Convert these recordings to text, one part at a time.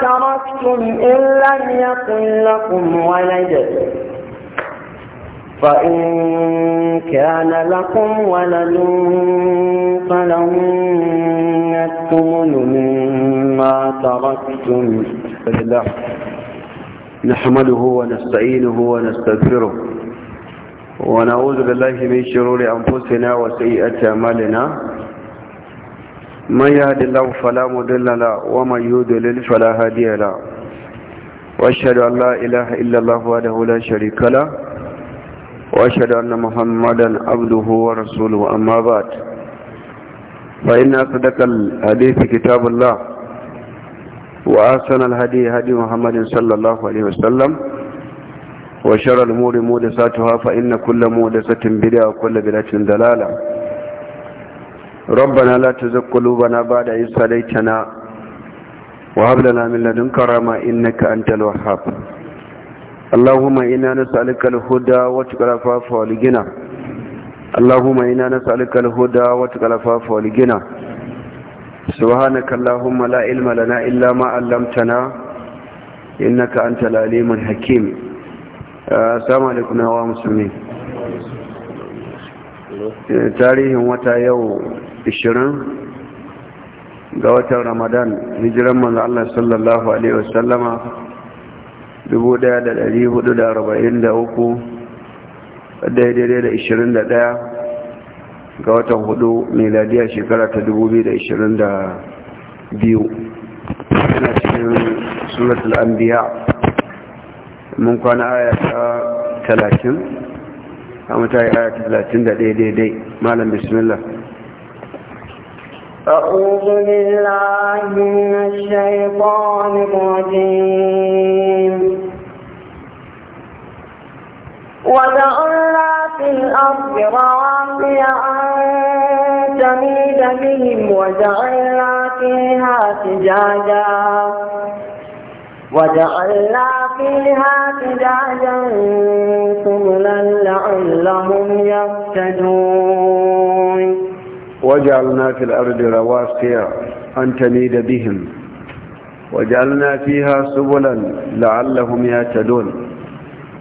تركتم إن لم يكن لكم ولد فإن كان لكم ولد فلن الثمن مما تركتم نحمده ونستعينه ونستغفره ونعوذ بالله من شرور أنفسنا وسيئة أعمالنا من يهد الله فلا مضل له ومن يضلل فلا هادي له واشهد ان لا اله الا الله وحده لا شريك له واشهد ان محمدا عبده ورسوله اما بعد فان اصدق الحديث كتاب الله واحسن الهدي هدي محمد صلى الله عليه وسلم وشر الامور محدثاتها فان كل محدثه بدعه وكل بدعه ضلاله ربنا لا تزغ قلوبنا بعد إذ هديتنا وهب لنا من لدنك رحمة إنك أنت الوهاب اللهم إنا نسألك الهدى واتقى العفاف والغنى اللهم إنا نسألك الهدى واتقى العفاف والغنى سبحانك اللهم لا علم لنا إلا ما علمتنا إنك أنت العليم الحكيم السلام عليكم يا مسلمين tarihin wata yau 20 ga watan ramadan hijiran manzo Allah sallallahu alaihi wasallama 1443 daidai da 21 ga watan hudu miladiya shekara ta 2022 yana cikin suratul anbiya mun kwana aya ta 30 amma ta yi aya ta 31 daidai malam bismillah أعوذ بالله من الشيطان الرجيم وجعلنا في الأرض رواسي أن تميد بهم وجعلنا فيها فجاجا وجعلنا فيها فجاجا سبلا لعلهم يهتدون وجعلنا في الأرض رواسيا أن تميد بهم وجعلنا فيها سبلا لعلهم يهتدون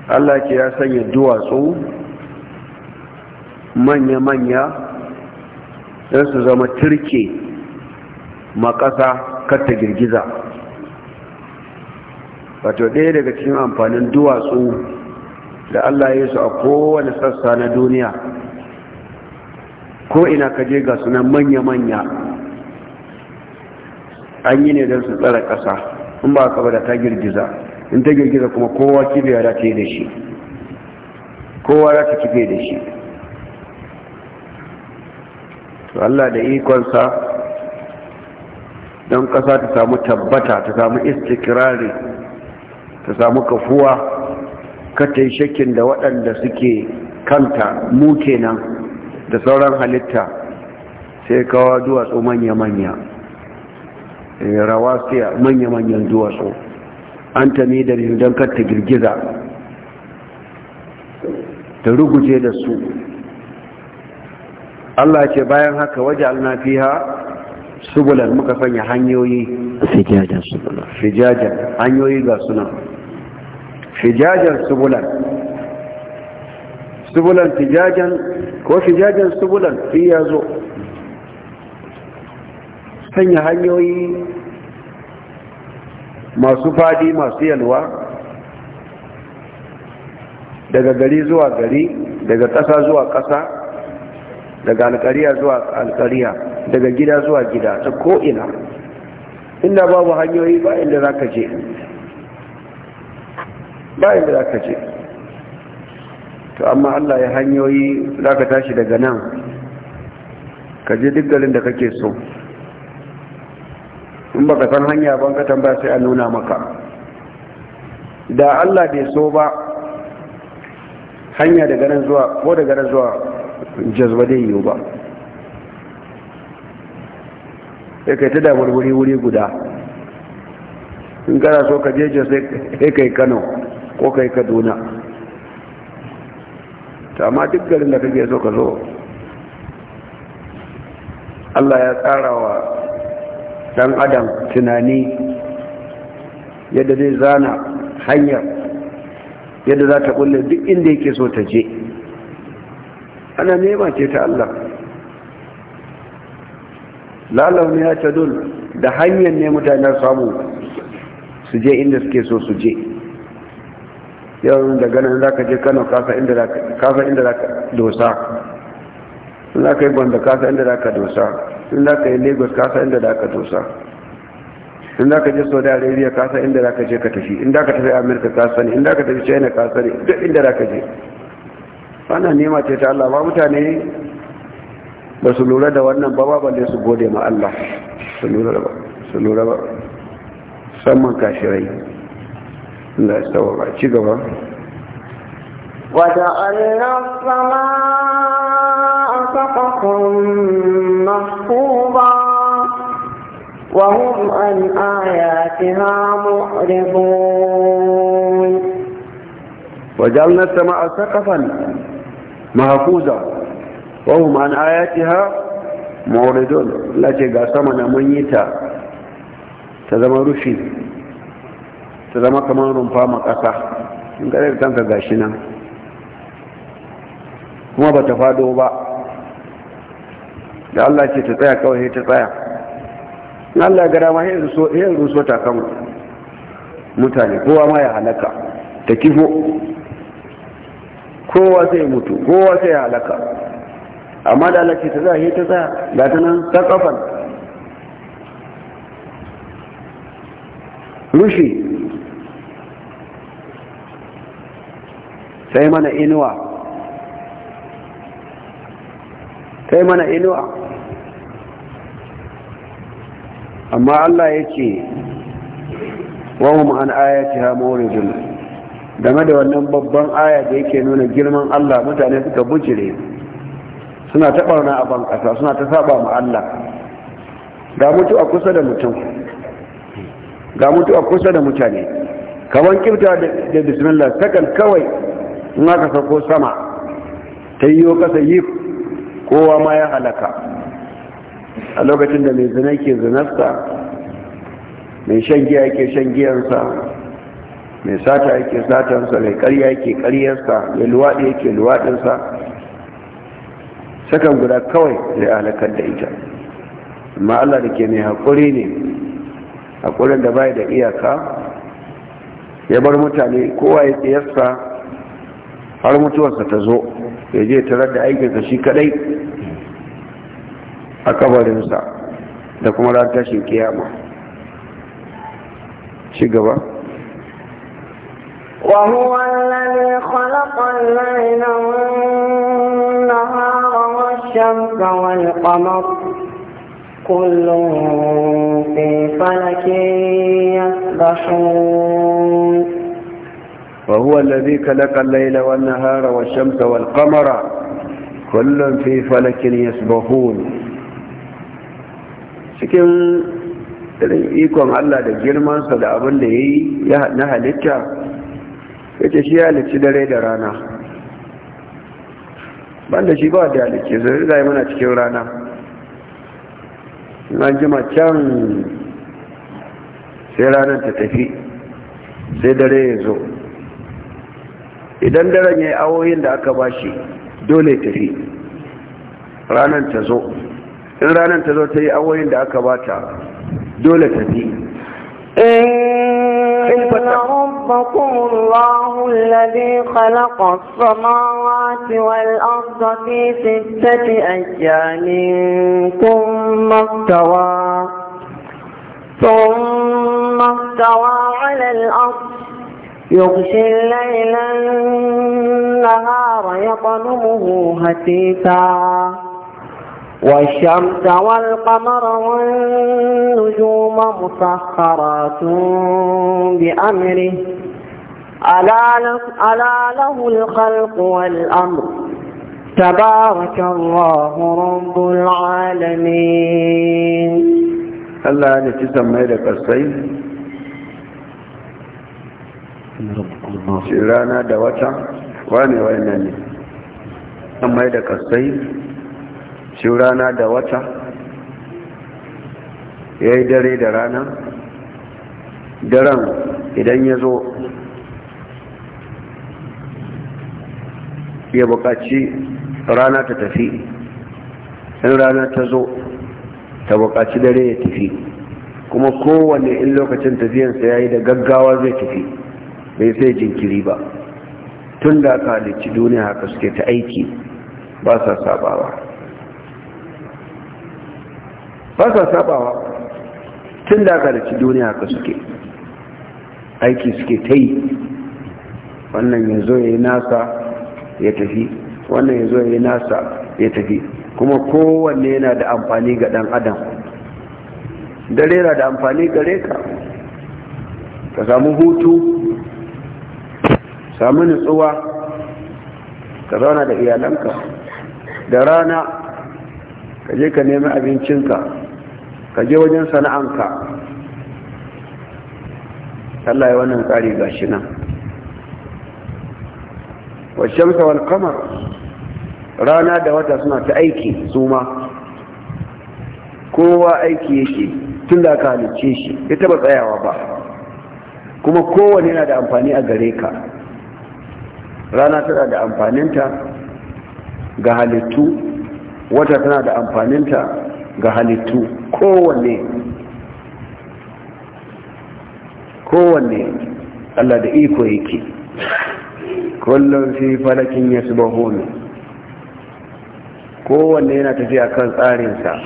Allah ke ya sanya duwatsu manya-manya don su zama turke makasa ta girgiza wato ɗaya daga cikin amfanin duwatsu da Allah ya su a kowane sassa na duniya ko ina ka je ga sunan manya-manya an yi ne don su tsara ƙasa in ba ka da ta girgiza in ta girgiza kuma kowa kibiya da ta yi da shi kowa za ta kife da shi to Allah da ikonsa don ƙasa ta samu tabbata ta samu istikirari ta samu kafuwa ka ta yi shakin da waɗanda suke kanta mu kenan da sauran halitta sai kawo duwatsu manya-manya eh, rawa siya manya-manyan duwatsu an ta ne da don karta girgiza ta ruguje da su Allah ce bayan haka waje alnafiha subulan muka sanya hanyoyi fijajen subular fijajen hanyoyi ga suna fijajen subulan subulan fijajen ko fijajen subulan fi ya zo sanya hanyoyi masu fadi masu yalwa daga gari zuwa gari daga ƙasa zuwa ƙasa daga alƙariya zuwa alƙariya daga gida zuwa gida ta ko'ina inda babu hanyoyi ba inda za ka je ba inda za ka je to amma Allah ya hanyoyi za ka tashi daga nan ka je duk garin da kake so in ba ka san hanya ban ka tambaya sai a nuna maka da Allah bai so ba hanya daga nan zuwa ko daga nan zuwa jazba dai yiwu ba sai kai ta damar wuri wuri guda in kana so ka je sai kai kano ko kai kaduna ta amma duk garin da kake so ka zo Allah ya tsara wa ɗan adam tunani yadda zai zana hanyar yadda za ta kulle duk inda yake so ta je ana nema ce ta Allah lalau ne ya ta dole da hanyar ne mutanen samu su je inda suke so su je yau daga nan za ka je kano kasa inda za ka dosa in za ka yi gwanda kasa inda za ka dosa in za ka yi lagos kasa inda za ka dosa in za ka je saudi arabia kasa inda za ka je ka tafi in za ka tafi amerika kafa ne in za ka tafi china kafa ne duk inda za ka je wannan nema ce ta allah ba mutane ba su lura da wannan ba ba ne su gode ma allah su lura ba su lura ba musamman kashirai na tsawon ci gaba wata allon sama a sakakon masuwa wa hun an aya ti hamu rigon sama a sakafan mahakuza wa hun an aya ti ha mawar rigon lati ga sama na munyita ta zama rufi ta zama kamar rumfa makasa in ka da kanka gashi nan kuma ba ta fado ba da Allah ce ta tsaya kawai ta tsaya in Allah ya gara ma yin ruso ta kan mutane kowa ma ya halaka ta kifo kowa sai mutu kowa sai ya halaka amma da Allah ce ta tsaya ta tsaya ga ta nan ta kafan rushe sai mana inuwa sai mana inuwa amma Allah ya ce wahum an ayati ha mawridun game da wannan babban aya da yake nuna girman Allah mutane suka bujire suna ta barna a ban kasa suna ta saba mu Allah ga mutu a kusa da mutum ga mutu a kusa da mutane kaman kibta da bismillah sakan kawai in aka sako sama ta yiwo kasa yi kowa ma ya halaka a lokacin da mai zina ke zinarsa mai shan giya ke shan mai sata yake satansa mai karya yake karyarsa mai luwaɗi yake luwaɗinsa sakan guda kawai zai halakar da ita amma allah da ke mai haƙuri ne haƙurin da bai da iyaka ya bar mutane kowa ya tsayarsa har mutuwarsa ta zo ya je tarar da aikinsa shi kadai a kabarinsa da kuma ran tashin kiyama shi gaba وهو الذي خلق الليل والنهار والشمس والقمر كل في فلك يسبحون وهو الذي خلق الليل والنهار والشمس والقمر كل في فلك يسبحون cikin irin ikon Allah da girmansa da abin da ya yi na halitta ya ce shi ya halicci dare da rana banda shi ba da halicci zai zai mana cikin rana na jima can sai ranar ta tafi sai dare ya zo idan daren ya yi awoyin da aka bashi dole tafi ranar ta zo in ranar ta zo ta yi awoyin da aka bata dole tafi إن ربكم الله الذي خلق الصماوات والأرض في ستة أجان ثم استوى ثم استوى على الأرض يغشي الليل النهار يطلبه هتيتا والشمس والقمر والنجوم مسخرات بأمره ألا له الخلق والأمر تبارك الله رب العالمين الله يجزم ميلك السيد shi rana da wata wane wayannan ne an mai da kasai shi rana da wata ya yi dare da rana daren idan ya zo ya bukaci rana ta tafi in rana ta zo ta bukaci dare ya tafi kuma kowane in lokacin tafiyansa ya yi da gaggawa zai tafi bai sai jinkiri ba tun da aka halicci duniya haka suke ta aiki ba sa sabawa ba sa sabawa tun da aka halicci duniya haka suke aiki suke ta yi wannan ya zo ya yi nasa ya tafi wannan ya zo ya yi nasa ya tafi kuma kowanne yana da amfani ga ɗan adam dare na da amfani gare ka ka samu hutu samu nutsuwa ka zauna da iyalanka da rana ka je ka nemi abincinka ka je wajen sana'anka Allah ya wannan tsari gashi nan washamsa wal kamar rana da wata suna ta aiki su ma kowa aiki yake tun da aka halicce shi ya taba tsayawa ba kuma kowane yana da amfani a gare ka rana tana da amfaninta ga halittu wata tana da amfaninta ga halittu kowanne kowanne Allah da iko yake kullum fi falakin ya subahun kowanne yana tafiya kan tsarinsa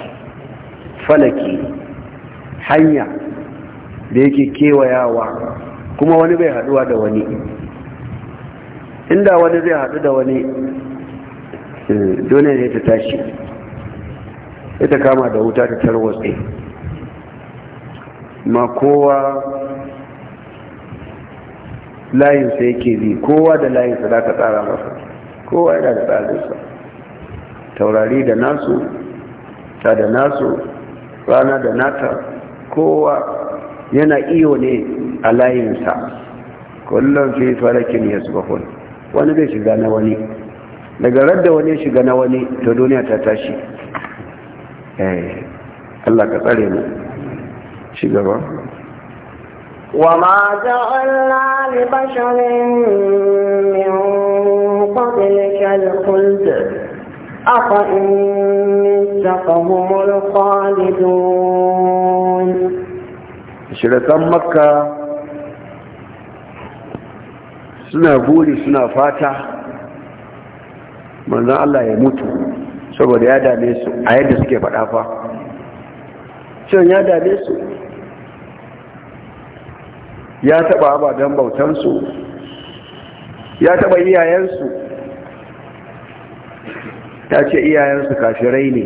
falaki hanya da yake kewayawa kuma wani bai haduwa da wani inda wani zai haɗu da wani eh, dole ne ta tashi ita kama da wuta ta tarwatsi ma kowa layinsa yake bi kowa da layinsa za ka tsara masa kowa yana da tsarinsa taurari da nasu ta da nasu rana da nata kowa yana iyo ne a layinsa kullum fi falakin ya wani zai shiga na wani daga radda wani shiga na wani to duniya ta tashi eh, Allah ka tsare mu Shiga shigaba وما جعلنا لبشر من قبلك الخلد أفإن فهم الخالدون شرطان مكة suna buri suna fata manzan Allah ya mutu saboda ya dame su a yadda suke faɗa fa can ya dame su ya taɓa abadan bautansu ya taɓa iyayensu ta ce iyayensu kafirai ne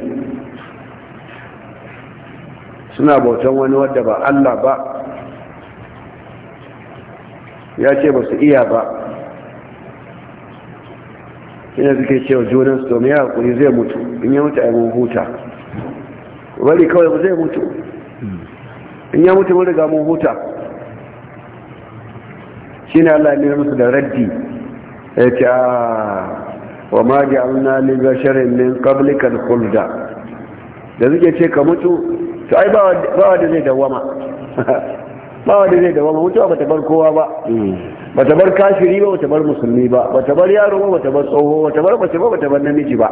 suna bautan wani wadda ba Allah ba ya ce ba su iya ba ina suke cewa junan su domin ya haƙuri zai mutu in ya mutu a yi huta wani kawai zai mutu in ya mutu wani ga mun huta shi ne allah ne musu da raddi ya ce ah, wa ma ji amina liga sharin min kablikan hulda da suke ce ka mutu to ai ba wa da zai dawama ba wanda zai dawama mutuwa bata bar kowa ba bata bar kashiri ba bata bar musulmi ba bata bar yaro ba bata bar tsoho ba bar mace ba bata bar namiji ba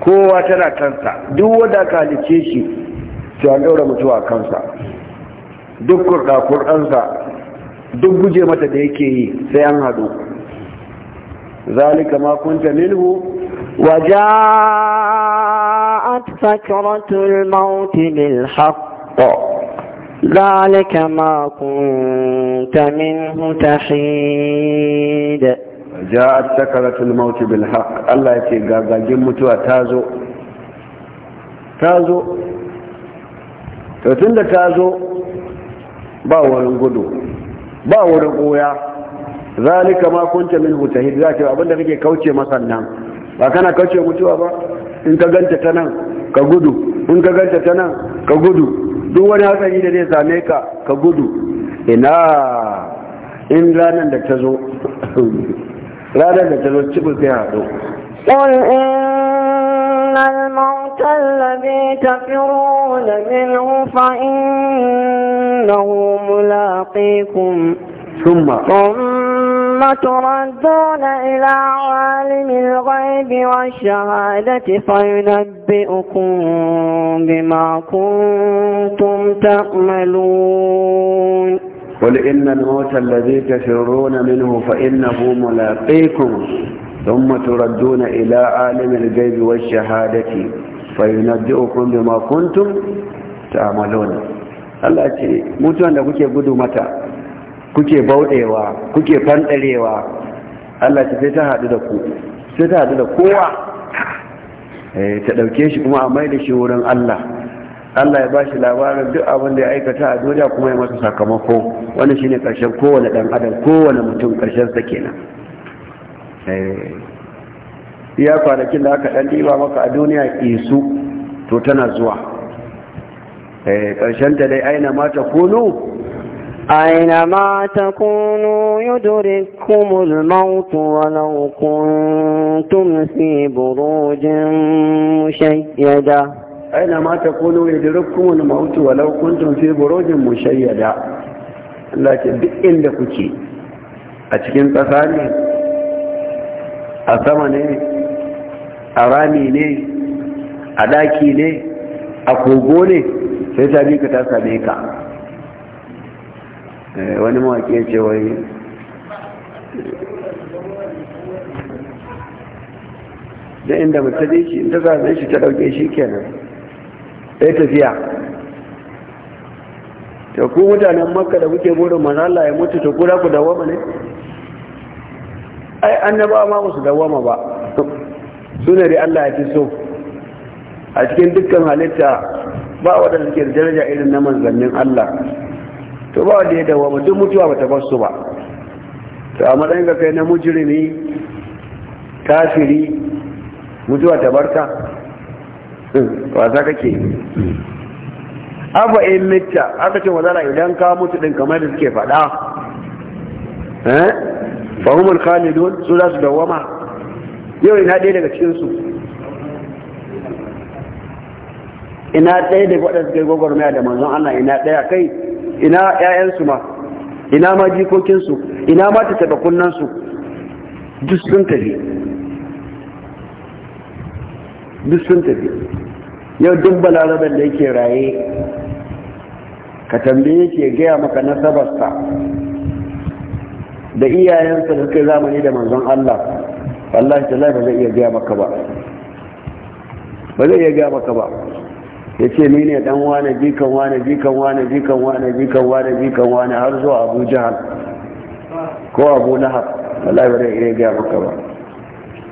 kowa tana kansa duk wanda ka halice shi to an daura mutuwa kansa duk kurɗa kurɗansa duk guje mata da yake yi sai an haɗu zalika ma kunta minhu wa ja'at sakratul maut bil haqq ذلك ما كنت منه تحيد جاءت سكرة الموت بالحق الله يتي غاغاجين متوا تازو تازو to tunda tazo ba wurin gudu ba wurin koya zalika ma kunta min mutahid zaki abinda kake kauce masa nan ba kana kauce mutuwa ba in ka ganta ta nan ka gudu in ka ganta ta nan ka gudu duk wani hatsari da zai same ka ka gudu ina in ranar da ta zo ranar da ta zo cibin sai haɗu الموت الذي تفرون منه فإنه ملاقيكم ثم ثم تردون إلى عالم الغيب والشهادة فينبئكم بما كنتم تعملون قل إن الموت الذي تفرون منه فإنه ملاقيكم ثم تردون إلى عالم الغيب والشهادة فينبئكم بما كنتم تعملون الله ce متى da kuke gudu متى؟ kuke bauɗewa kuke fanɗarewa Allah ta sai ta haɗu da ku sai ta haɗu da kowa eh, ta ɗauke shi kuma a mai da shi wurin Allah Allah ya ba shi labarin duk abin da ya aikata a duniya kuma ya masa sakamako wani shine ƙarshen kowane ɗan adam kowane mutum ƙarshen sa kenan eh, iya kwanakin da aka ɗan ɗiba maka a duniya isu to tana zuwa eh, ƙarshen ta dai aina mata kunu أينما تكونوا يدرككم الموت ولو كنتم في بروج مشيدة أينما تكونوا يدرككم الموت ولو كنتم في بروج مشيدة لكن بإن لكي أتكين تفاني أثمني أرامي لي أداكي لي أقوبوني sai ta bi Eh, wani mawaƙi ya ce wai da inda mutane shi ta zanen shi ta ɗauke shi kenan ɗaya tafiya ta ku mutanen makka da kuke burin manzala ya mutu ta kura ku dawama ne ai annabawa ma musu dawama ba suna da Allah ya fi so a cikin dukkan halitta ba waɗanda suke da daraja irin na manzannin Allah to ba wanda ya ba duk mutuwa ba ta basu ba to a matsayin ka kai na mujirimi kafiri mutuwa ta barka hmm, wasa kake afa in mitta aka ce wazara idan ka mutu din kamar da suke faɗa eh fahimul khalidun su za su dawama yau ina ɗaya daga cikinsu ina ɗaya da waɗanda suka yi gwagwarmaya da manzon Allah ina ɗaya kai ina 'ya'yansu ma ina ma jikokinsu ina ma kunnansu duk sun tafi duk sun tafi yau duk balarabar da yake raye ka tambaye ke gaya maka nasabarsa da iyayensa da suka zamani da manzon Allah wallahi ta ba zai iya gaya maka ba ba zai iya gaya maka ba ya ce ni ne dan wane jikan wane jikan wane jikan wane jikan wane jikan wane har zuwa abu jihar ko abu lahab wallahi ba zai iya gaya maka ba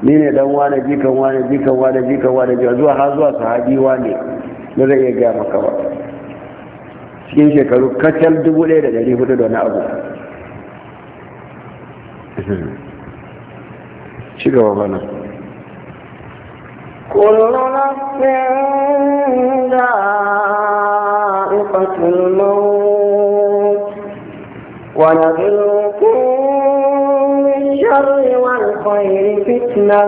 ni ne dan wane jikan wane jikan wane jikan wane jikan zuwa har zuwa sahabi wane ba zai iya gaya maka ba cikin shekaru kacal dubu ɗaya da ɗari hudu da wani abu ci gaba كل نفس ذائقة الموت ونبلوكم بالشر والخير فتنة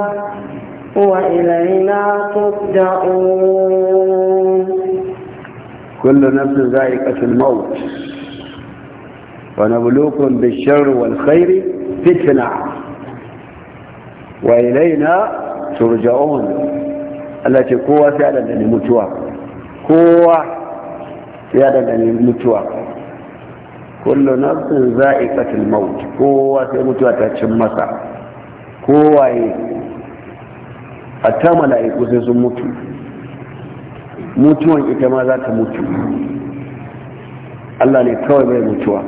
وإلينا ترجعون كل نفس ذائقة الموت ونبلوكم بالشر والخير فتنة وإلينا ترجعون Allah ce kowa sai ya dandane mutuwa kowa sai ya dandane mutuwa kullu nafsin za'iqatul maut kowa sai mutuwa ta cin masa kowa yi la mala'iku sai sun mutu mutuwan ita ma za ta mutu Allah ne kawai bai mutuwa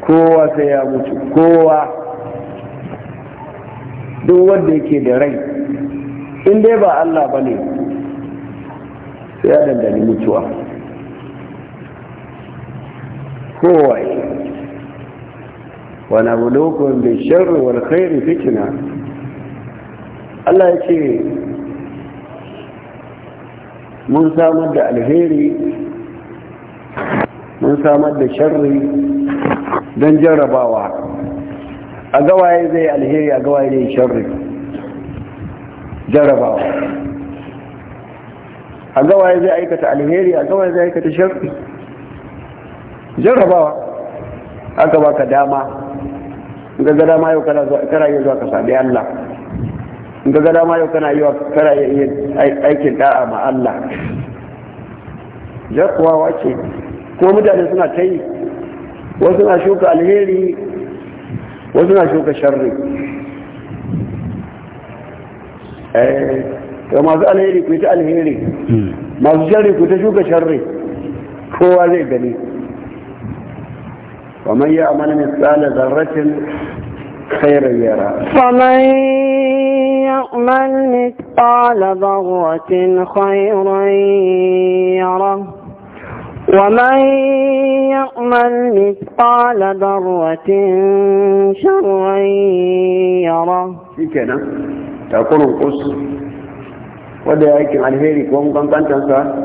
kowa sai ya mutu kowa duk wanda yake da rai in dai ba Allah ba ne sai ya dandani mutuwa kowai wani abu lokacin da sharri wal khairi fitina Allah ya ce mun samar da alheri mun samar da sharri don jarrabawa a gawaye zai alheri a gawaye zai sharri jarabawa a gawaye zai aikata alheri a gawaye zai aikata sharri jarrabawa aka baka dama ga ga dama yau kana yi zuwa ka sami Allah ga ga dama yau kana yi wa kara yi aikin da'a ma Allah jarrabawa wace ko mutane suna ta yi wasu na shuka alheri wasu na shuka sharri ga eh, masu alheri ku ta alheri hmm. masu sharri ku ta shuka sharri kowa zai gani ومن يعمل مثقال ذرة خيرا يرى فمن يعمل مثقال ذرة خيرا يره ومن يعمل مثقال ذرة شرا يره takurin kus wadda ya aikin alheri ko kankantansa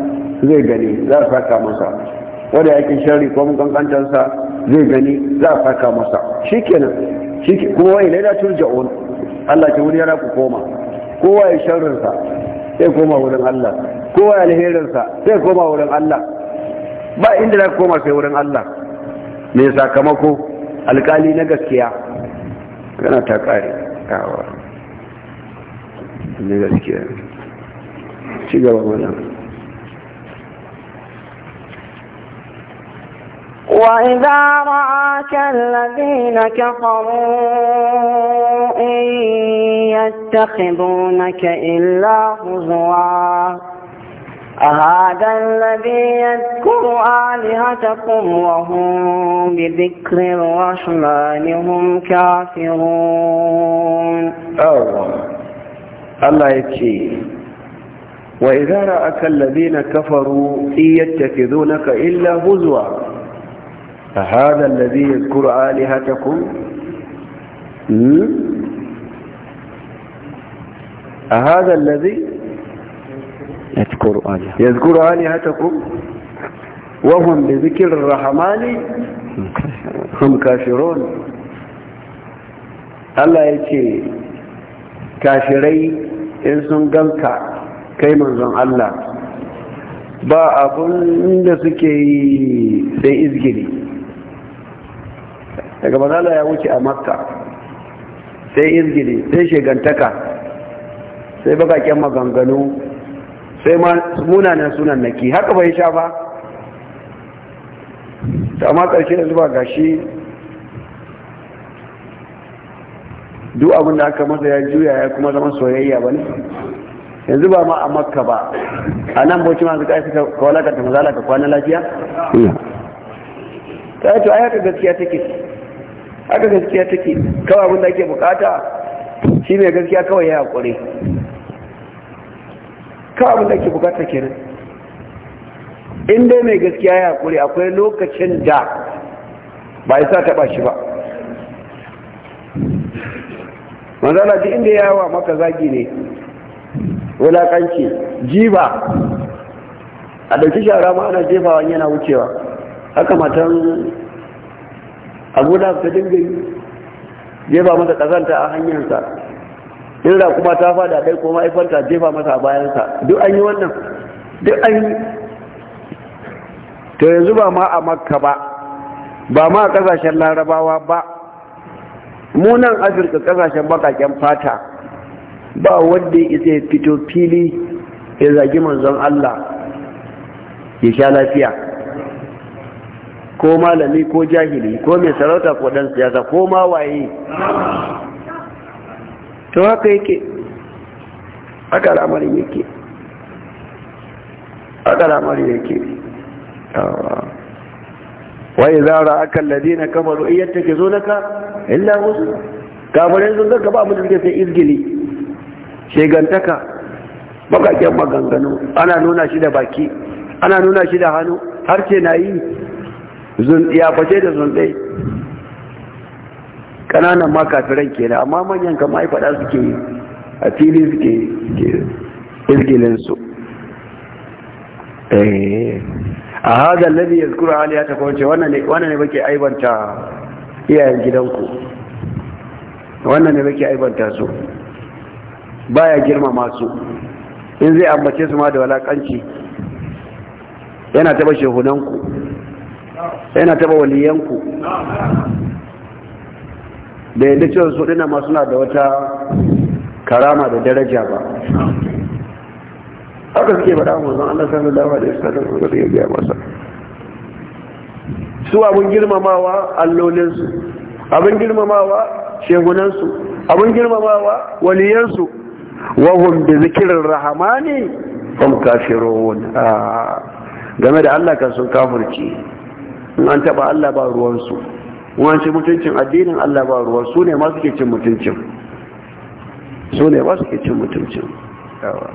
zai gani za a saka masa wadda ya aikin shari ko kankantansa zai gani za a saka masa shikenan shike kuma wani laida turja'un Allah ke wuri yana ku koma kowa ya sharrinsa sai koma wurin Allah kowa ya alherinsa sai koma wurin Allah ba inda za koma sai wurin Allah mai sakamako alkali na gaskiya kana ta kare kawo na gaskiya ci وإذا رآك الذين كفروا إن يتخذونك إلا هزوا أهذا الذي يذكر آلهتكم وهم بذكر الرحمن هم كافرون الله يكشي وإذا رأك الذين كفروا إن يتخذونك إلا هزوا فهذا الذي يذكر آلهتكم هذا الذي يذكر آلهتكم يذكر آلهتكم وهم بذكر الرحمن هم كافرون الله يكشي kashirai in sun ganka kai manzon Allah ba abun da suke yi sai izgiri daga bazala ya wuce a makka sai izgiri sai shegantaka sai bakaken maganganu sai munanan sunan naki haka bai sha ba amma ƙarshe da zuba gashi duk abin da aka masa ya juya ya kuma zama soyayya ba ne yanzu ba ma a makka ba a nan bauchi masu ƙarfi ka walaka ta mazala ka kwana lafiya ta yi to ai haka gaskiya take haka gaskiya take kawai abin da ake bukata shi mai gaskiya kawai ya haƙuri kawai abin da ake bukata kenan in dai mai gaskiya ya haƙuri akwai lokacin da ba isa taɓa shi ba manzala duk inda ya yawa maka zagi ne wulakanci jiba a ɗauki shara ma ana jefawa yana wucewa haka matan abu ta dinga yi jefa masa ƙazanta a hanyarsa in da kuma ta fada ɗai ko ma'aifanta jefa masa a bayansa duk an yi wannan duk an yi to yanzu ba ma a makka ba ba ma a ƙasashen larabawa ba Munan afirka kasashen bakaken fata ba wanda isa ya fito fili ya zagi manzon Allah ya sha lafiya ko malami ko jahili ko mai sarauta ko dan siyasa ko ma waye to haka yake haka al'amarin yake haka al'amarin yake wa idza ra'aka alladhina kafaru yattakizunaka illa huzna kafirai sun ga ba mu da sai izgili shegantaka bakakken maganganu ana nuna shi da baki ana nuna shi da hannu har ce na yi ya fashe da zunɗe ƙananan ma kafiran ke amma manyan kama yi faɗa suke yi a fili suke izgilinsu eh a hagar labi ya zukuru hali ya tafi wace, wannan ne bake aibanta iyayen gidanku wannan ne bake aibanta su baya girma masu in zai ambace su ma da walakanci yana taba shehunanku yana taba waliyanku da yadda cewa su dina masu na da wata karama da daraja ba haka suke bada mu zan Allah sallallahu da wasallam da ya ga masa su abun girmamawa su abun girmamawa su abun girmamawa su wa hum bi zikrir rahmani hum kafirun game da Allah kan sun kafirci in an taba Allah ba ruwansu wancin mutuncin addinin Allah ba ruwa su ne masu ke cin mutuncin su ne masu ke cin mutuncin yawa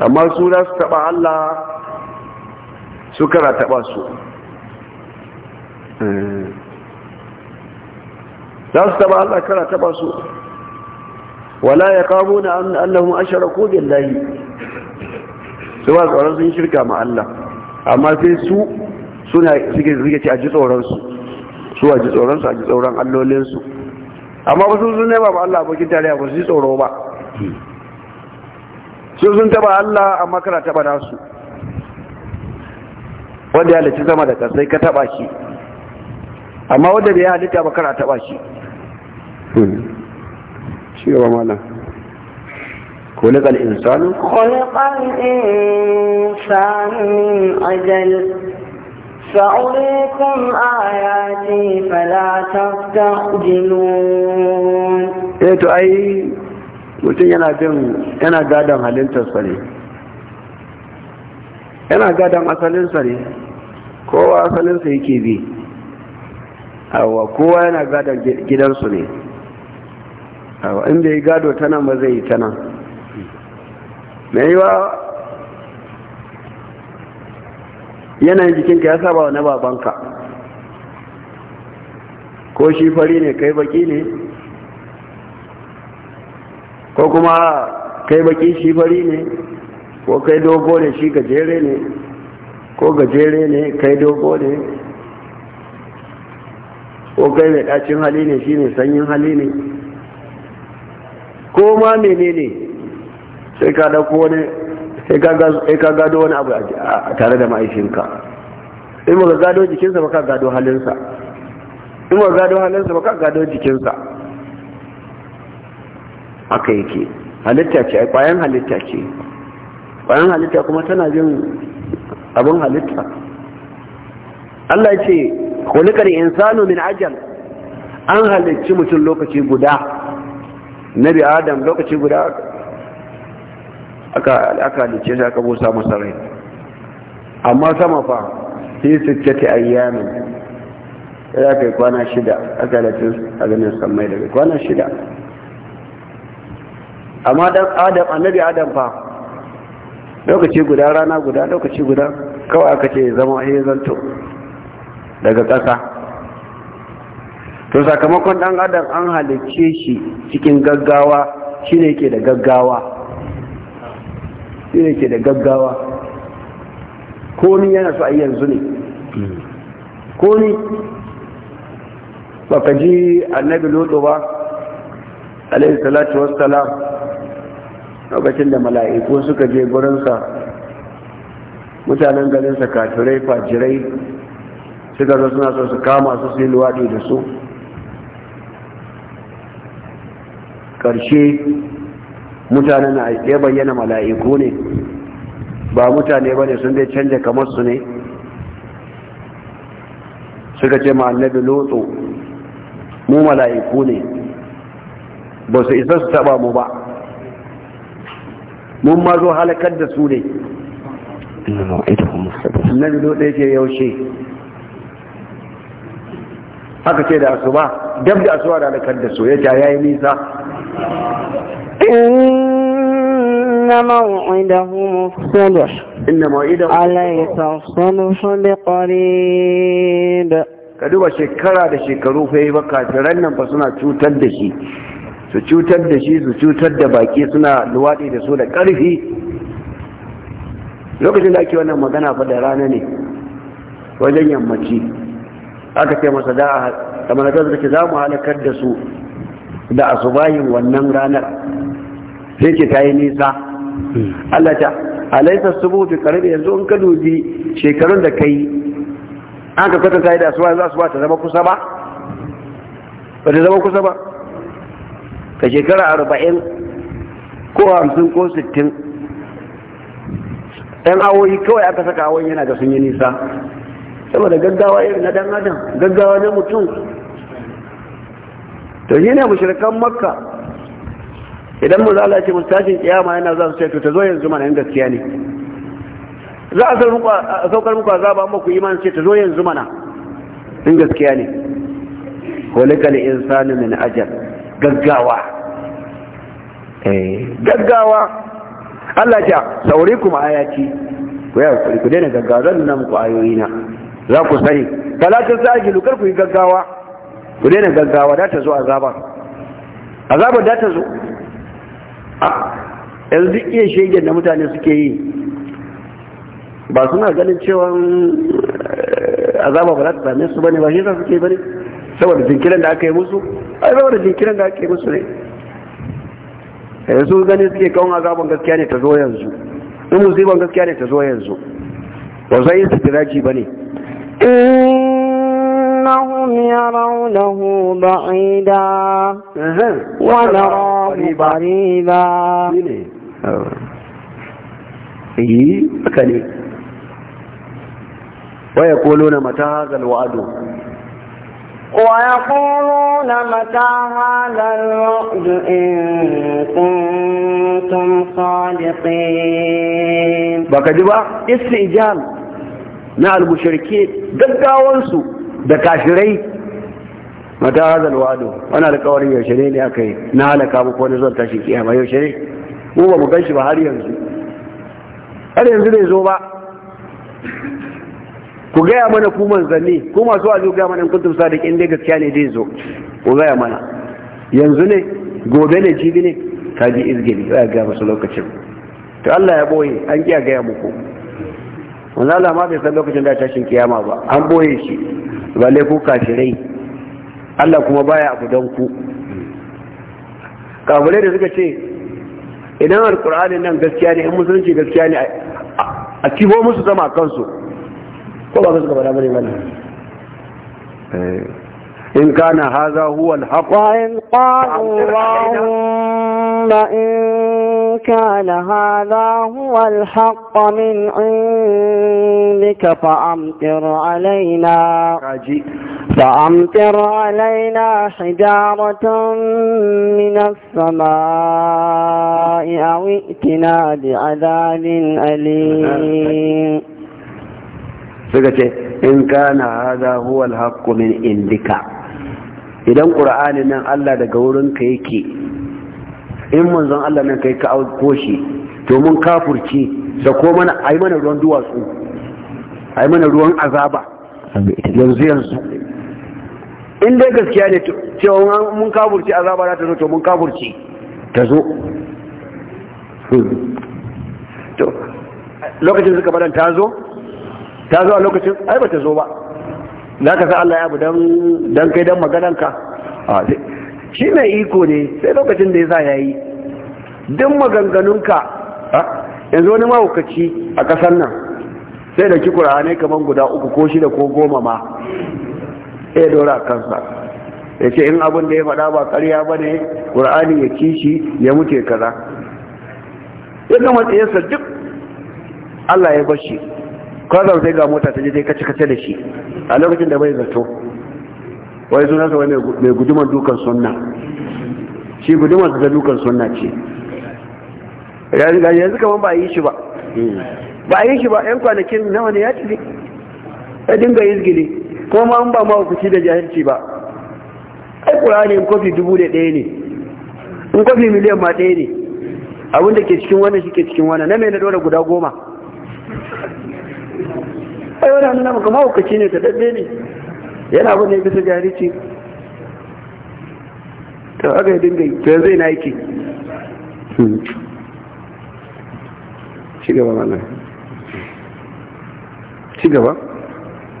amma su za su taba Allah su kara taba su eh. za su taba Allah kara taba su wala ya kamo na annahun ashara ko layi su ba tsoron sun shirka ma Allah amma sai su suna suke zuke ce a ji tsoronsu su a ji tsoronsu a ji tsoron allolinsu amma wasu sun nema ba Allah abokin tare ba su ji tsoro ba su sun taba Allah amma kana taba nasu wanda ya halitta sama da kasai ka taba shi amma wanda bai halitta ba kana taba shi shi gaba mana خلق الإنسان خلق الإنسان من أجل سأريكم آياتي فلا to ai? mutum yana jin yana gadon halittarsa ne yana gadon asalinsa ne kowa asalinsa yake bi awa kowa yana gadon gidansu ne awa inda ya gado ta nan ba zai yi ta nan mai yiwa yanayin jikinka ya saba wa na babanka ko shi fari ne kai baki ne ko kuma kai baki shi fari ne ko kai dogo ne shi gajere ne ko gajere ne kai dogo ne ko kai mai ɗacin hali ne shi ne sanyin hali ne ko ma menene sai ka dauko ne sai ka gado wani abu a tare da ma'aikinka in ba ka gado jikinsa ba ka gado halinsa in ba ka gado halinsa ba ka gado jikinsa haka yake halitta ce ƙwayan halitta ce ƙwayan halitta kuma tana jin abin halitta Allah ce kulikar insanu min ajal an halicci mutum lokaci guda nabi adam lokaci guda aka halicce shi aka busa masa rai amma sama fa sai sittati ayyamin ya kai kwana shida aka halicci a ganin samai daga kwana shida amma dan adam annabi adam fa lokaci guda rana guda lokaci guda kawai aka ce zama yi eh, zanto daga ƙasa to sakamakon dan adam an halicce shi cikin gaggawa shi ne ke da gaggawa shine ke da gaggawa komi yana so a yanzu ne komi baka ji annabi lodo ba alaihi salatu wasu lokacin da mala'iku suka je gurinsa mutanen garinsa kafirai fajirai suka zo suna so su kama su su yi luwaɗi da su ƙarshe mutanen na ya bayyana mala'iku ne ba mutane ba ne sun dai canja kamar su ne suka ce ma annabi lotso mu mala'iku ne ba su isa su taba mu ba mun ma zo halakar da su ne annabi do ɗaya ce yaushe aka ce da asuba dab da asuba da halakar da su ya ce yayi nisa إن موعدهم الصبح إن موعدهم أليس الصبح بقريب ka duba shekara da shekaru fa yi baka tiran ba suna cutar da shi su cutar da shi su cutar da baki suna luwaɗi da su da ƙarfi lokacin da ake wannan magana fa da rana ne wajen yammaci aka ce masa da a tamanatar da ke za mu halakar da su da a bayin wannan ranar sai ce ta yi nisa Allah ta alaisa su bi karbi yanzu in ka dubi shekarun da kai an ka kwatanta da asuba yanzu asuba ta zama kusa ba ba ta zama kusa ba ka shekara arba'in ko hamsin ko sittin ɗan awoyi kawai aka saka awon yana da sunyi nisa saboda gaggawa irin na ɗan adam gaggawa na mutum to shi ne mashirkan makka idan mu zala ce mustashin kiyama yana za su ce to ta zo yanzu mana in gaskiya ne za a saukar muku azaba amma ku iman ce ta zo yanzu mana in gaskiya ne kulika li insani min ajal gaggawa eh, gaggawa Allah ya saurari kuma ayati ku ya ku daina gaggawa zan ku muku ayoyina za ku sani talatin sa'ajilu kar ku yi gaggawa ku daina gaggawa da ta zo azaba azabar da ta zo yanzu iya shegen da mutane suke yi ba suna ganin cewa eh, azaba ba za ta same su bane ba shi za suke bane saboda jinkirin da aka yi musu ai saboda jinkirin da aka yi musu ne yanzu gani suke kawon azabon gaskiya ne ta zo yanzu in musiban gaskiya ne ta zo yanzu ba zai yi sitiraji ba ne إنهم يرونه بعيدا ونراه قريبا إيه أكلي ويقولون متى هذا الوعد ويقولون متى هذا الوعد إن كنتم صادقين بقى جبا استئجال مع المشركين دقاونسو دكاشري متى هذا الوعد وانا لقوري يوشري لي اكي نالك ابو كوني زول تشيكي اما يوشري هو مغنش بحالي ينزو هل ينزل يزوبا ku gaya mana ku manzanni ku masu wazi gaya mana in kuntum sadiq in dai gaskiya ne zai zo ku gaya mana yanzu ne gobe ne jibi ne ka ji izgili ya ga masu lokacin to Allah ya boye an kiya gaya muku wannan Allah ma bai san lokacin da tashin kiyama ba an boye shi ba lai ku kafirai Allah kuma baya abu don ku kafirai da suka ce idan alkur'ani nan gaskiya ne in musulunci gaskiya ne a kibo musu zama kansu والله رزق su ka faɗa إن كان هذا هو الحق وإن قالوا اللهم إن كان هذا هو الحق من عندك فأمطر علينا فأمطر علينا حجارة من السماء أو ائتنا بعذاب أليم suka ce in kana haza huwa al min indika idan qur'ani nan Allah daga wurin ka yake in manzon Allah nan kai ka auko shi to mun kafurci da ko mana ai mana ruwan duwatsu ai mana ruwan azaba yanzu yanzu in dai gaskiya ne cewa mun kafurci azaba za ta zo to mun kafurci ta zo hmm. lokacin suka fadan ta zo ta zo a lokacin ai ba ta zo ba za ka sa Allah ya abu don kai don maganarka shi mai iko ne sai lokacin da ya sa ya yi duk maganganunka yanzu wani mahaukaci a ƙasar nan sai da ki kurane kamar guda uku ko shida ko goma ma ya dora kansa ya ce in abin da ya faɗa ba ƙarya ba ne ƙur'ani ya kishi ya mutu kaza ya gama tsayarsa duk Allah ya bashi kwanar sai ga mota ta je dai kaci kace da shi a lokacin da bai zato wai suna zuwa mai guduman dukan sunna shi guduman sa dukan sunna ce yanzu kaman ba a yi shi ba ba a yi shi ba yan kwanakin nawa ne ya tafi ya dinga izgili ko ma an ba mahaukaci da jahilci ba ai ƙurani in kofi dubu da ɗaya ne in kofi miliyan ma ɗaya ne abinda ke cikin wannan shi ke cikin wannan na mai na dole guda goma ai wani hannun namu kuma hukaci ne ta dabbe ne yana bane bisa gari ce ta aga yadda da ta zai na yake hmm. cigaba mana cigaba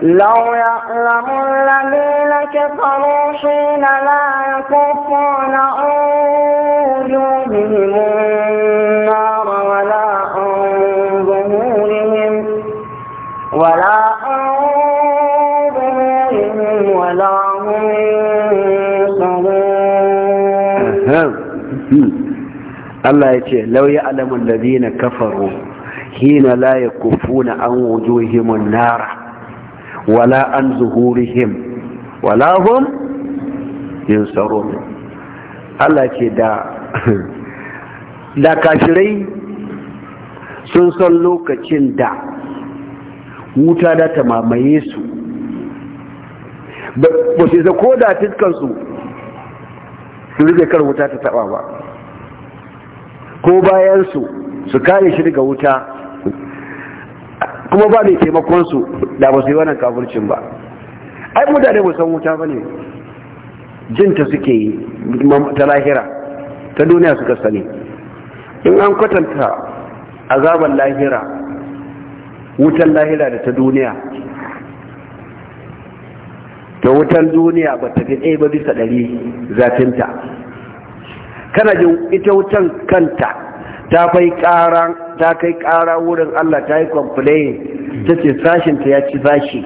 Lauya lamun lami na ke faru shi na laye kofo na ojo mihimun na mawala ولا هم ينصرون Allah ya ce lauyi alamun lalzina kafaro hina la ya kufuna an wujuhimun nara wala an him, wala hum yin Allah ce da da kashirai sun san lokacin da wuta da ta mamaye su ba su isa ko da fiskansu su rufe kar wuta ta taba ba ko bayansu su kare shi daga wuta kuma ba mai taimakonsu da ba su yi wannan kafurcin ba ai mutane mu san wuta ba ne jinta suke yi ta lahira ta duniya suka sani in an kwatanta azaban lahira wutan lahira da ta duniya ta wutan duniya ba tafi ɗaya ba bisa ɗari zafinta kana jin ita wutan kanta ta kai ƙara ta kai ƙara wurin Allah ta yi complain ta ce sashinta ya ci zashi.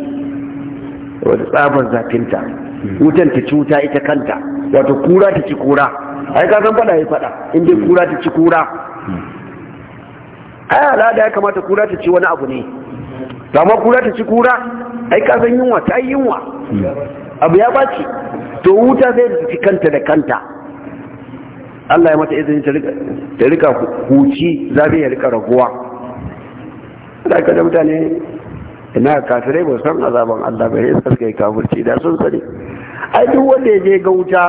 wata tsabar zafinta wutan ta ci wuta ita kanta wato kura ta ci kura ai ka san fada ya fada in dai kura ta ci kura ai al'ada ya kamata kura ta ci wani abu ne amma kura ta ci kura ai ka san yunwa ta yi yunwa abu ya baci to wuta sai da kanta da kanta Allah ya mata izini ta rika huci zafi ya rika raguwa da ka da mutane ina kafirai ba san azaban Allah ba sai suka kafirci da sun sani ai duk wanda ya je ga wuta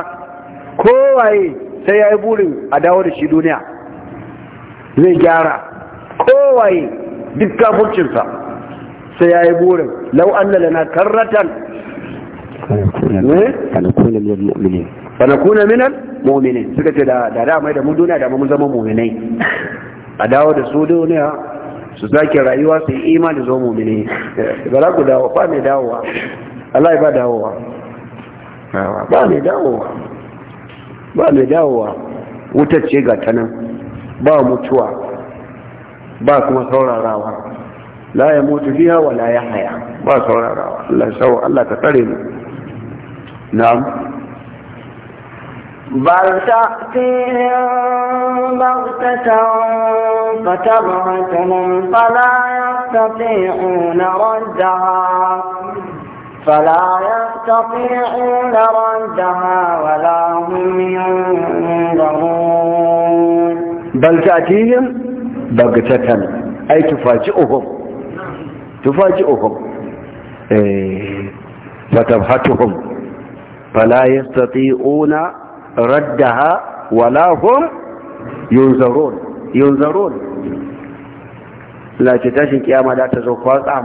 kowaye sai ya yi burin a dawo da shi duniya zai gyara kowaye duk kafircinsa sai ya yi burin lau an lana karratan eh? fanakuna minan mu'minin suka ce da da mai da mun duniya da mun zama mu'minai a dawo da su duniya su zaki rayuwa su yi imani zo mu'minai ga eh, za ku dawo ba mai dawowa Allah ya ba dawowa ba mai dawowa ba mai dawowa wutar ce ga tanan ba mutuwa ba kuma saurarawa لا يموت فيها ولا يحيا la ya haya ba بل تأتيهم بغتة فتبغتهم فلا يستطيعون ردها فلا يستطيعون ردها ولا هم ينظرون بل تأتيهم بغتة أي تفاجئهم tufaji'uhum eh fatabhatuhum fala yastati'una raddaha wala hum yunzarun yunzarun la ce tashin kiyama da ta zo kwatsa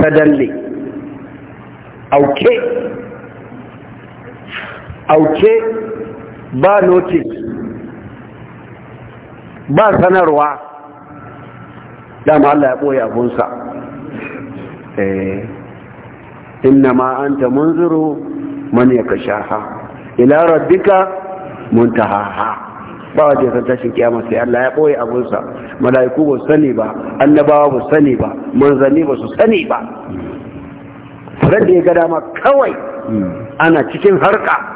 suddenly auke auke ba notice ba sanarwa dama Allah ya ɓoye abunsa Eh. inna ma anta munziru man yakashaha ila rabbika muntahaha ba wanda ya tashin kiyama sai Allah ya boye abunsa mala'iku ba sani ba annabawa ba sani ba manzanni ba su sani ba ran da ya ga dama kawai ana cikin harka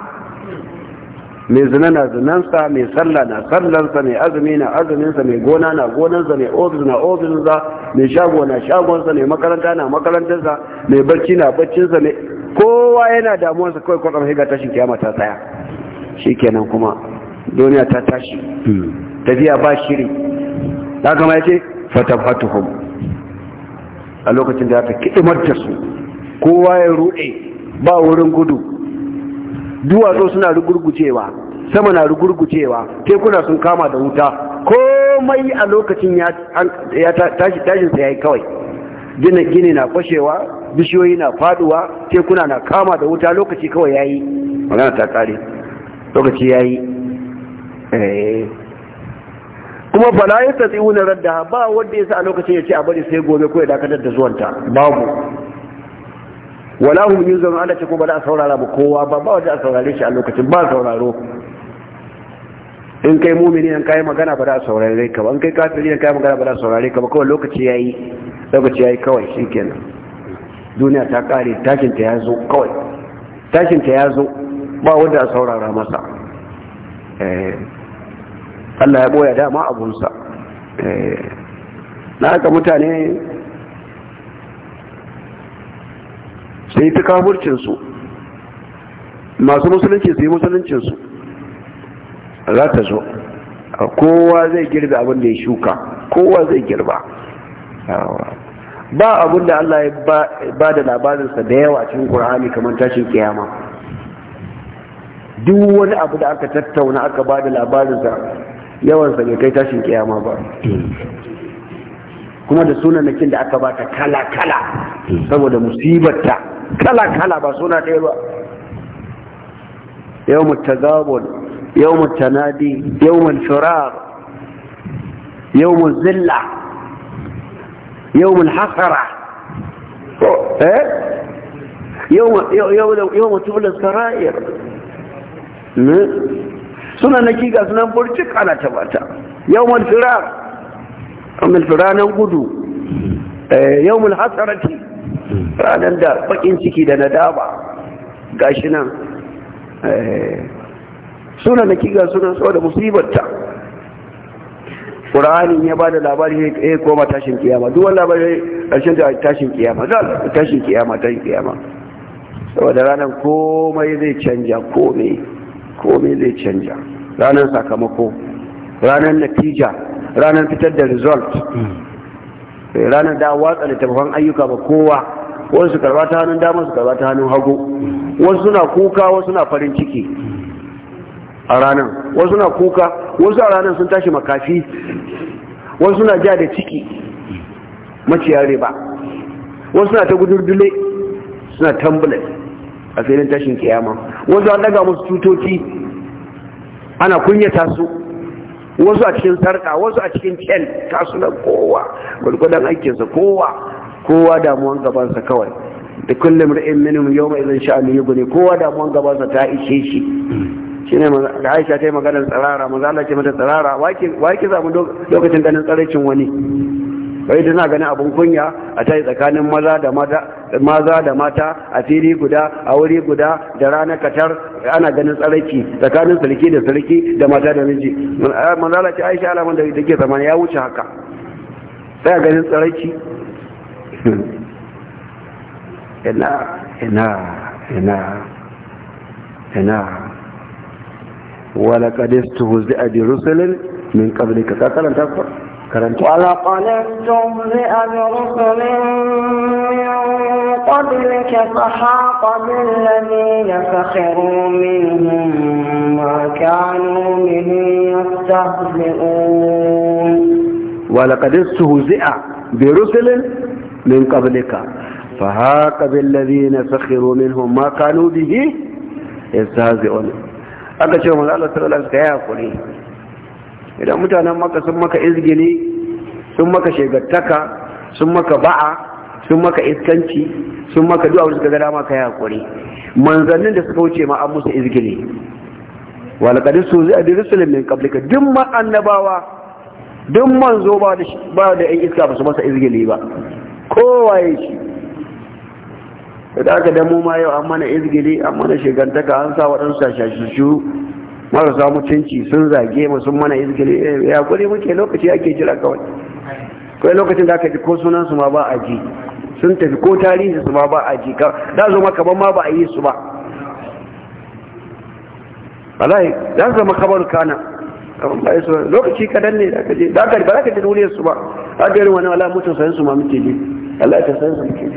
mai zina na zinansa mai sallah na sallansa mai azumi na azuminsa mai gona na gonansa mai ofis na ofisinsa mai shago na shagonsa mai makaranta na makarantarsa mai barci na barcinsa mai kowa yana damuwarsa kawai kwatsam shiga tashin kiyama ta tsaya shikenan kuma duniya ta tashi tafiya ba shiri ta kama ya ce fatafatuhum a lokacin da ta kidimar da su kowa ya rude ba wurin gudu duwatsu suna rugurgucewa sama na rugurgucewa tekuna sun kama da wuta komai a lokacin ya tashi tashinsa ya yi kawai gini na fashewa bishiyoyi na faduwa tekuna na kama da wuta lokaci kawai ya yi magana ta kare lokaci ya yi eh. kuma fala ya tatsi wunar radda ba wanda ya sa a lokacin ya ce a bari sai gobe ko ya dakatar da zuwanta babu wala hum yuzun ala ce ko ba za a saurara ba kowa ba ba waje saurare shi a lokacin ba sauraro in kai mumini an kai magana ba za a saurare ka ba in kai kafiri an kai magana ba za a saurare ka ba kawai lokaci yayi lokaci yayi kawai shikenan duniya ta kare tashin ta ya zo kawai tashin ta ya zo ba wanda a saurara masa eh, Allah ya boya dama abunsa eh, na haka mutane su yi ta kafurcinsu masu musulunci su musuluncinsu za ta zo kowa zai girbe abin da ya shuka kowa zai girba ba abin da Allah ya ba da labarinsa da yawa cikin ƙur'ani kamar tashin kiyama duk wani abu da aka tattauna aka ba da labarinsa yawansa bai kai tashin kiyama ba kuma da sunanakin da aka ba ta kala-kala saboda musibarta kala-kala ba suna ɗaya ba Yau yawon tagabon yawon tanadi yawon firar yau yawon zilla yau yawon hasara eh yawon tubular sara'ir hmm? suna na kiga suna burcik ana tabata yawon firar yawon firanan gudu Yau eh, yawon hasarati ranar da bakin ciki da na daba. Ga shi nan eh, suna na kiga suna so da musibarta ƙura'anin ya ba da labari ya eh, koma tashin kiyama duwan labari ƙarshen da tashin kiyama za tashin kiyama tashin kiyama saboda ranar komai zai canja komai komai zai canja ranar sakamako ranar natija ranar fitar da result hmm. eh, ranar da watsa littattafan ayyuka ba kowa wasu su karba ta hannun dama su karba ta hannun hagu wasu suna kuka wasu suna farin ciki a ranar wasu suna kuka wasu a ranar sun tashi makafi wasu suna ja da ciki maciyar riba wasu suna ta gudurdule suna tambulan a filin tashin kiyama wasu an daga musu tutoci ana kunyata su wasu a cikin sarka wasu a cikin kyal na kowa gwargwadon aikinsa kowa kowa damuwan gabansa kawai da kullum ri'in minhum zan idan sha'ani yughni kowa damuwan gabansa ta ishe shi ne da Aisha ta yi maganar tsirara maza Allah ce mata tsirara wa ki samu lokacin ganin tsaraicin wani bai tana ganin abun kunya a tayi tsakanin maza da mata da mata a fili guda a wuri guda da rana katar ana ganin tsaraki tsakanin sarki da sarki da mata da miji Allah ce Aisha alaman da take zamani ya wuce haka sai ganin tsaraki ina ina ina ina ولقد استهزئ برسل من قبلك كثرا تكفر كرنت ولقد استهزئ برسل من قبلك فحاق بالذين سخروا منهم ما كانوا به يستهزئون ولقد استهزئ برسل من قبلك فهاك بالذين سخروا منهم ما كانوا به يستهزئون aka ce manzo Allah sallallahu alaihi wasallam ya hakuri idan mutanen maka sun maka izgili sun maka shegattaka sun maka ba'a sun maka iskanci sun maka du'a suka ga dama ya hakuri manzannin da suka wuce ma an musu izgili wal qad suzi'a bi min qablika duk man annabawa duk manzo ba da ba da iska ba su masa izgili ba kowaye shi da aka damu ma yau an mana izgili an mana shigantaka an sa waɗansu shashashu marasa mutunci sun zage masu sun mana izgili eh, ya kuri muke lokaci ake jira kawai kai lokacin da aka ji ko sunansu ma ba a ji sun tafi ko tarihi su ma ba a ji da zama maka ban ma ba a yi su ba wallahi da zama kabar kana kaman ba su lokaci kadan ne da ka je da ka ba za ka ji duniyar su ba a ga irin wani wala mutun sayan su ma muke ji Allah ta san su ke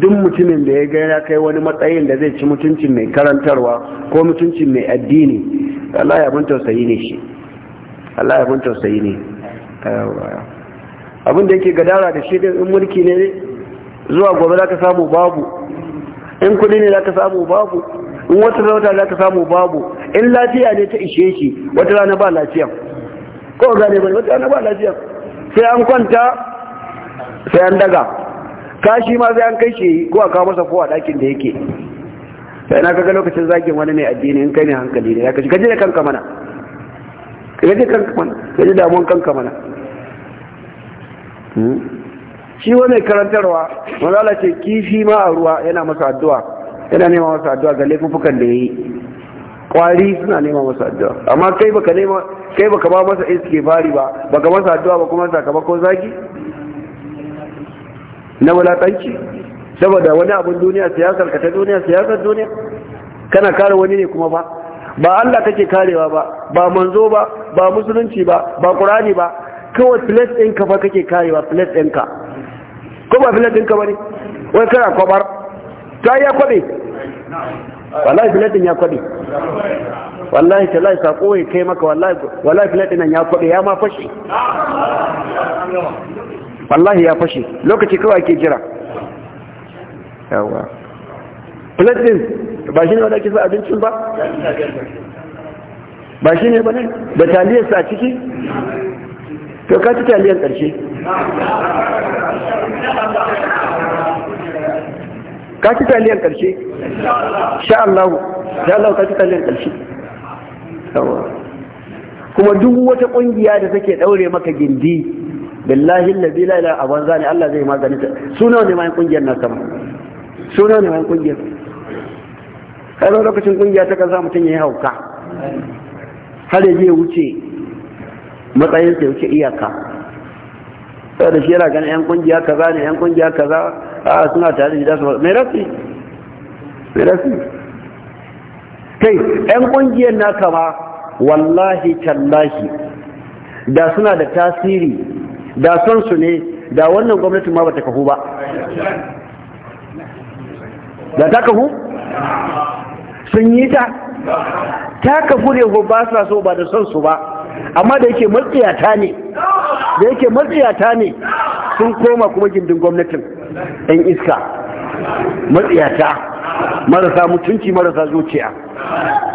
duk mutumin da ya ga ya kai wani matsayin da zai ci mutuncin mai karantarwa ko mutuncin mai addini Allah ya bin tausayi ne shi Allah ya bin tausayi ne abin da yake gadara da shi din mulki ne zuwa gobe za ka samu babu in kudi ne za ka samu babu in wata rauta za ka samu babu in lafiya ne ta ishe shi wata rana ba lafiya ko gane bane wata rana ba lafiya sai an kwanta sai an daga kashi ma sai an kai shi ko a kawo masa kowa ɗakin da yake sai na kaga lokacin zagin wani mai addini in kai ne hankali ne ka gaji da kanka mana gaji kanka mana gaji damuwan kanka mana hmm? shi wani mai karantarwa mazala ce kifi ma a ruwa yana masa addu'a yana nema masa addu'a ga laifukan da ya yi kwari suna nema masa addu'a amma kai baka nema kai baka ba masa iske bari ba baka masa addu'a ba kuma sakamakon zagi na wulaƙanci saboda wani abin duniya siyasar ka ta duniya siyasar duniya kana kare wani ne kuma ba ba Allah kake karewa ba ba manzo ba ba musulunci ba ba qur'ani ba kawai place ɗinka ba kake karewa place ɗinka ko ba place ɗinka ba ne wai kana kwabar ta ya kwabe wallahi place ɗin ya kwabe wallahi lai sako kowai kai maka wallahi wallahi place ɗin ya kwabe ya ma fashe wallahi ya fashe lokaci kawai ake jira yawa plate ba shi ne wadda ake sa abincin ba ba shi ne ba ne da taliyarsa a ciki to ka ci taliyar ƙarshe ka ci taliyar ƙarshe sha Allah sha Allah ka ci taliyar ƙarshe kuma duk wata ƙungiya da take ɗaure maka gindi billahi allazi la ilaha illa zani Allah zai magani ta suna ne mai kungiyar na sama suna ne mai kungiyar kai lokacin kungiya ta kaza ya yi hauka har ya je wuce matsayin sa wuce iyaka da shi yana ganin yan kungiya kaza ne yan kungiya kaza a suna tare da su mai rafi mai rafi kai yan kungiyar na kama wallahi tallahi da suna da tasiri da son su ne da wannan gwamnatin ma bata kahu ba da ta kahu sun yi ta ta kahu ne ko ba sa so ba da son su ba amma da yake matsiyata ne da yake matsiyata ne sun koma kuma gindin gwamnatin ɗan iska matsiyata marasa mutunci marasa zuciya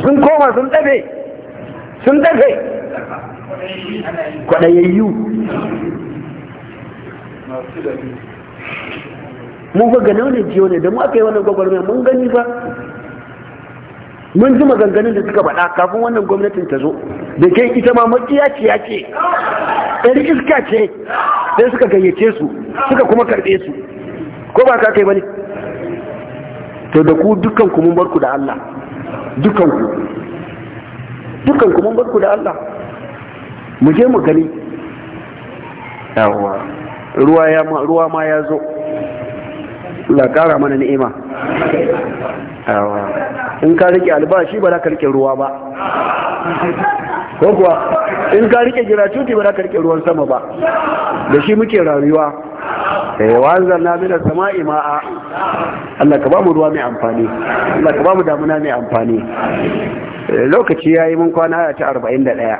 sun koma sun ɗabe sun ɗabe kwaɗayayyu mun ga gane ne jiyo ne da mu aka yi wannan gwagwarmaya mun gani ba mun ji maganganun da suka faɗa kafin wannan gwamnatin ta zo da ke ita ma makiya ce ya ce ɗari iska ce sai suka gayyace su suka kuma karɓe su ko ba ka kai ba ne to da ku dukkan ku mun bar ku da Allah dukkan ku dukkan ku mun bar ku da Allah mu je mu gani yawwa ruwa ma ya zo la kara mana ni'ima in ka rike albashi ba za ka rike ruwa ba ko kuwa in ka rike giratuti ba za ka rike ruwan sama ba da shi muke rayuwa eh, Wanzan na mina sama'i ma'a Allah ka ba mu ruwa mai amfani Allah ka ba mu damuna mai amfani eh, lokaci ya yi mun kwana ta arba'in da ɗaya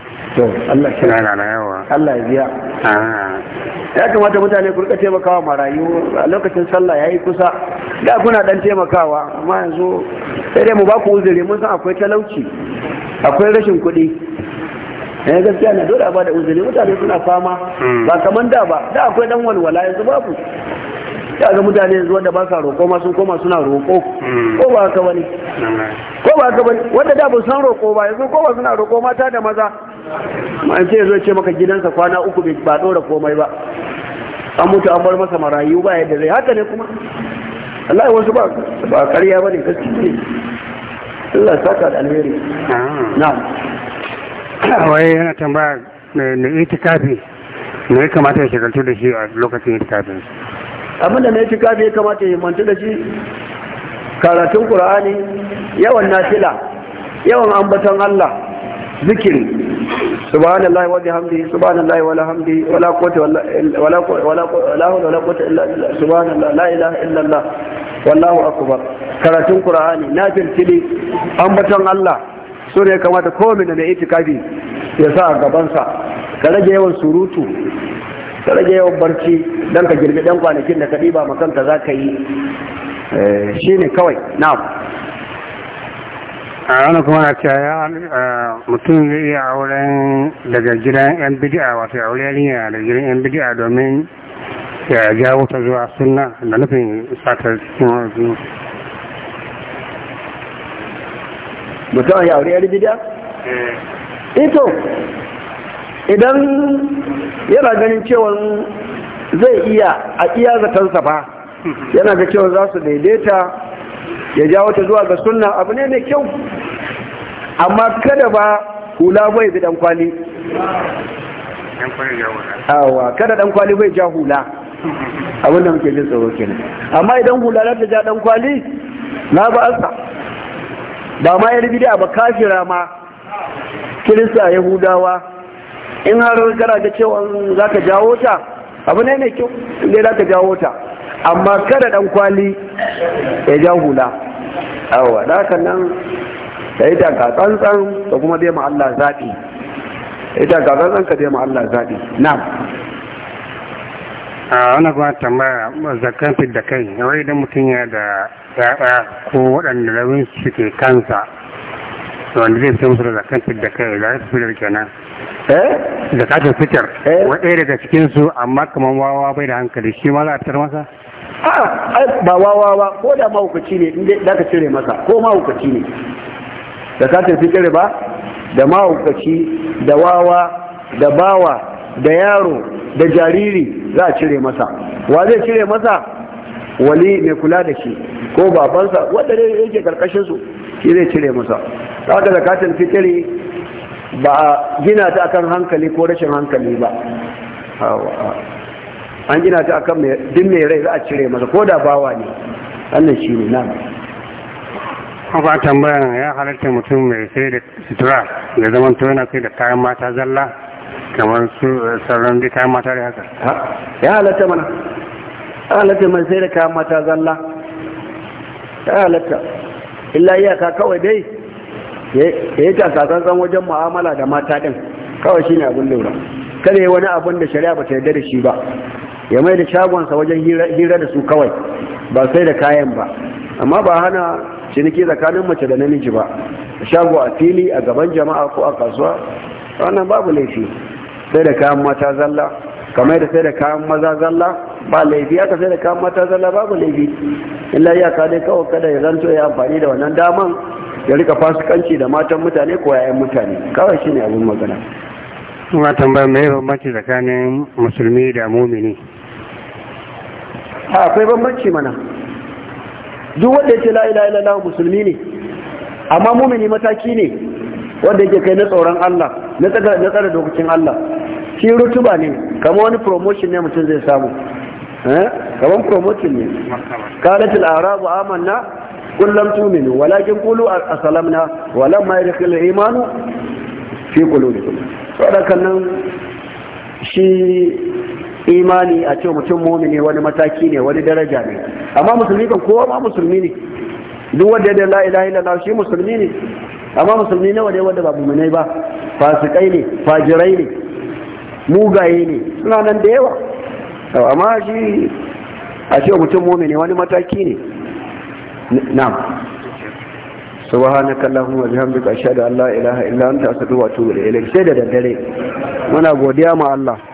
Allah shi yawa Allah ya biya ah. ya kamata mutane ku rika taimakawa marayu a lokacin sallah yayi kusa da kuna dan taimakawa amma yanzu sai dai mu ba ku uzuri mun san akwai talauci akwai rashin kuɗi eh gaskiya ne dole a bada uzuri mutane suna fama hmm. ba kaman da ba da akwai dan walwala yanzu babu ya ga mutane yanzu wanda ba sa roƙo ma sun koma suna roƙo hmm. ko ba haka bane ko ba haka bane wanda da ba san roƙo ba yanzu ko ba suna roƙo mata da maza ma'an ce zo ce maka gidansa kwana uku ba ɗora komai ba an mutu an bar masa marayu ba yadda zai haka ne kuma Allah wasu ba ba ƙarya ba ne gaske ne Allah saka da alheri na wai yana tambaya na itikafi me ya kamata ya shagaltu da shi a lokacin itikafin abinda na itikafi ya kamata ya mantu da shi karatun qur'ani yawan nafila yawan ambaton Allah zikiri subhanallahi wa bihamdihi subhanallahi wa la hamdi wa la quwwata wa la hawla wa la quwwata illa billah subhanallahi la ilaha illa allah wallahu akbar karatun qur'ani nafil tili ambaton allah so ne kamata komai da mai itikafi ya sa a gabansa ka rage yawan surutu ka rage yawan barci don ka girbi ɗan kwanakin da ka ɗiba ma kanka za ka yi eh, shi ne kawai na'am wani kuma na cewa mutum zai iya auren daga gidan yan bidi'a wato auren yarinya da gidan yan bidi'a domin ya jawo ta zuwa suna da nufin sata cikin wani mutum ya aure yar bidi'a? ito eh. eh idan yana ganin cewa zai iya a iya zatansa ba yana ga cewa za su daidaita ya jawo ta zuwa ga suna abu ne mai kyau amma kada ba hula bai bi dan kwali awa kada dan kwali bai ja hula abin da muke jin tsoro kenan amma idan hula za ja dan kwali na ba ansa ba ma yar bid'a ba kafira ma kirista yahudawa in har gara ga cewa za ka jawo ta abu ne mai kyau inda za ka jawo ta amma kada dan kwali ya ja hula awa da haka nan da ita ka tsantsan da kuma dai ma Allah zaɓi ita ka tsantsan ka dai ma Allah zaɓi na a wani kuma tambaya zakan fi da kai wai idan mutum ya da ya'ya ko waɗanda rabin suke kansa wanda zai fi musu da zakan fi da kai da su eh? fitar kenan eh. da katin fitar wadai daga cikinsu amma kamar wawa bai da hankali shi ma za a tar masa a'a ba wawa ba ko da mahaukaci ne inda da ka cire masa ko mahaukaci ne da ka tafi cire ba da mahukaci da wawa da bawa da yaro da jariri za a cire masa wa zai cire masa wali mai kula da shi ko babansa wanda ne yake karkashin su shi zai cire masa haka zakatul fitri ba gina ta akan hankali ko rashin hankali ba an gina ta akan din mai rai za a cire masa ko da bawa ne wannan shi ne nan ba tambaya ya halatta mutum mai sai da sutura da zaman to yana sai da kayan mata zalla kamar su eh, sauran da kayan mata da haka ya halatta mana ya halatta mai sai da kayan mata zalla ya halatta illa iyaka kawai dai ya yi san wajen mu'amala da mata din kawai shine abin lura kada yi wani abin da shari'a ba ta yarda da shi ba ya mai da shagonsa wajen hira da su kawai ba sai da kayan ba amma ba hana ciniki tsakanin mace da namiji ba shago a fili a gaban jama'a ko a kasuwa wannan babu laifi sai da kayan mata zalla kamar da sai da kayan maza zalla ba laifi aka sai da kayan mata zalla babu laifi illa ya ka kawai kada ya zanto ya amfani da wannan daman ya rika fasikanci da matan mutane ko yayan mutane kawai shine abin magana kuma tambayar mai bambanci tsakanin musulmi da mumini ha akwai bambanci mana duk wanda yake la ilaha illallah musulmi ne amma mumini mataki ne wanda yake kai na tsoron Allah na tsara na tsara dokokin Allah shi rutuba ne kamar wani promotion ne mutum zai samu eh kamar promotion ne qalat al-arabu amanna qul lam tu'minu walakin qulu aslamna wa lam yadkhil imanu fi qulubikum saboda kan nan shi imani a ce mutum mumini wani mataki ne wani daraja ne amma musulmi kan kowa ma musulmi ne duk wanda ya la ilaha illallah shi musulmi ne amma musulmi nawa ne wanda ba mumini ba fasikai ne fajirai ne mugaye ne suna nan da yawa amma shi a ce mutum mumini wani mataki ne na'am subhanaka allahumma bihamdika ashhadu an la ilaha illa anta astaghfiruka wa atubu ilayk sai da daddare muna godiya ma Allah